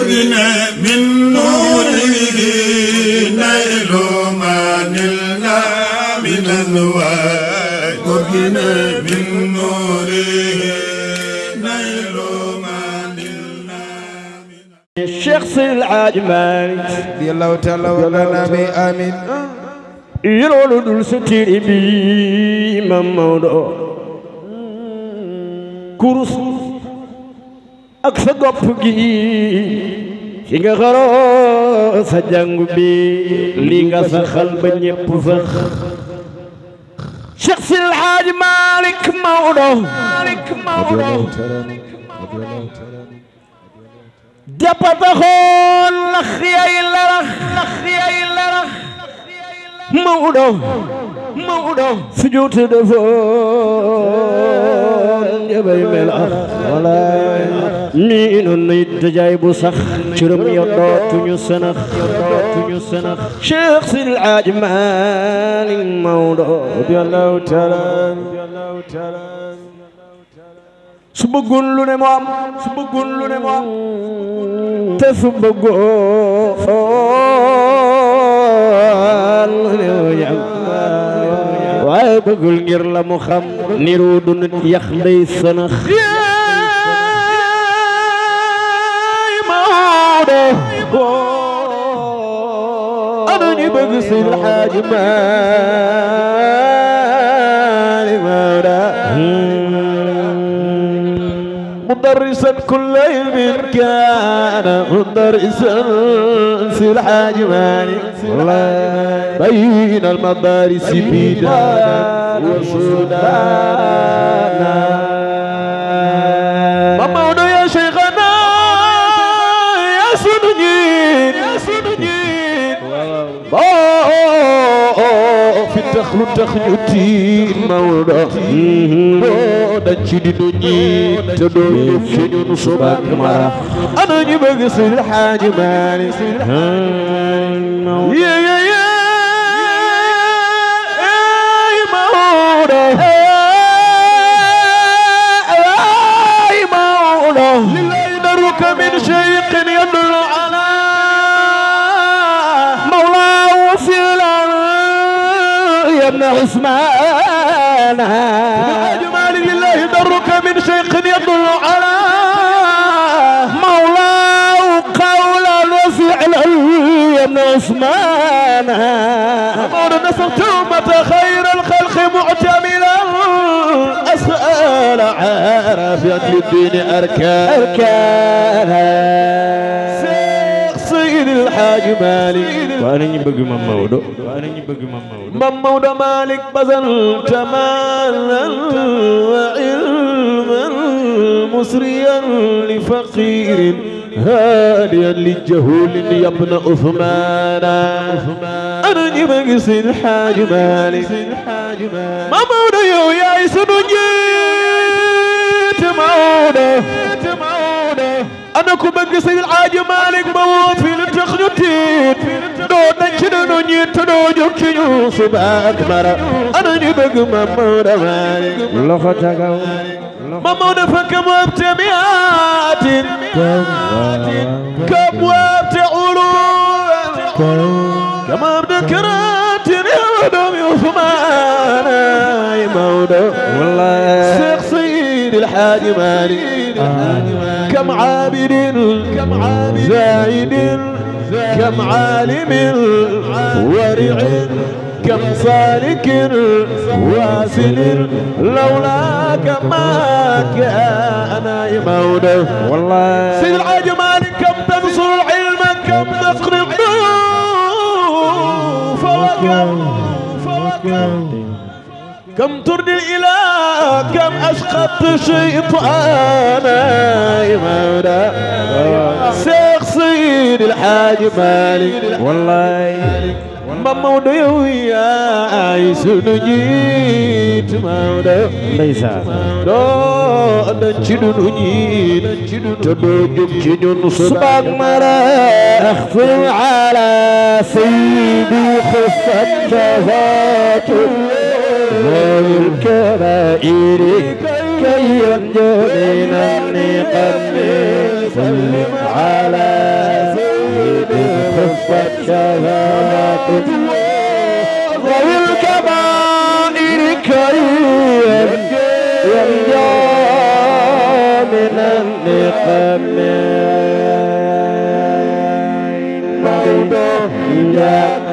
نورنا من نوره نيل من الله من الوعي نورنا من نوره نيل من الشخص العجمال رضي الله تعالى ولنا بآمين يرول دول ستير بي مام مودو كرسو ak sa gopp gi ci xaroo sa jàngu bi lii nga saxal ba ñépp sax Cheikh Sil Haaj Malick Maodo japataxoon la xiyay larax la xiyay larax Maodo Maodo sujjuute defoon jabay mel ak wala nii noonu dajaay bu sax cërëm ya dootuñu sënax dootuñu sënax Cheikh Seydi El Hadji Malick Maodo radiyallahu taala su bëggoon lu ne moo am su bëggoon lu ne moo am te su bëggoon lu waaye bëggul ngir la mu xam niru du nit yax day sënax yaay Maodo ana ñu bëgg si El Hadji مدرسا كل يوم كان مدرسا في الحاج مالك بين المدارس بدانا وسودانا ممنون يا شيخنا يا سنين يا سنين fi tax lu tax ñu tiit Maodo doo dañ ci di nu ñi te doo ñëpp ci ñun subaak mara ana ñu bëgg si Alxaaji Maalik Maodo عثمان أجمال لله درك من شيخ يدل على مولاه قولا وفعلا يمن عثمان أمر نصرت أمة خير الخلق معتملا أسأل عارفة للدين أركان أركان ma Maalik waa nañu bëgg Mam Maodo waa nañu bëgg Mam Maodo Mam Maodo Maalik basal tamaalan wa ilman musriyan li faqiirin haadiyan li jahulin yabna Usmaana anañu bëgg seen Xaaji Maalik Mam Maodo yow yaay sunu njiit Maodo ana ku bëgg tax ñu ñi tëddoo jóg ci ñu subaak mara ana ñu bëgg ma Maodo maari ma Maodo fakk moom te mi aatin kab waab te ulu kamaam de karaatin yow doom yu fumaana ay Maodo wallaay Seex Seydi El Hadji Maalik kam aabidin zaahidin كم عالم ورع كم سالك واسل لولاك ما كان يموت والله سيد الحاج مالك كم تنصر العلم كم تقر الضيوف وكم فوكم كم ترني الإله كم أشقت شيطانا يا مولاي Cheikh Seydi El Hadji Malick wallaay ba Maodo yow yaay sunu njiit Maodo ndeysaan doo dañ ci dunu njiit te doo jóg ci ñun subaak mara axfir ala seydi xëfat jazaatu loolu kabairi kay yanjo dinam ni qamee لقمع الموضة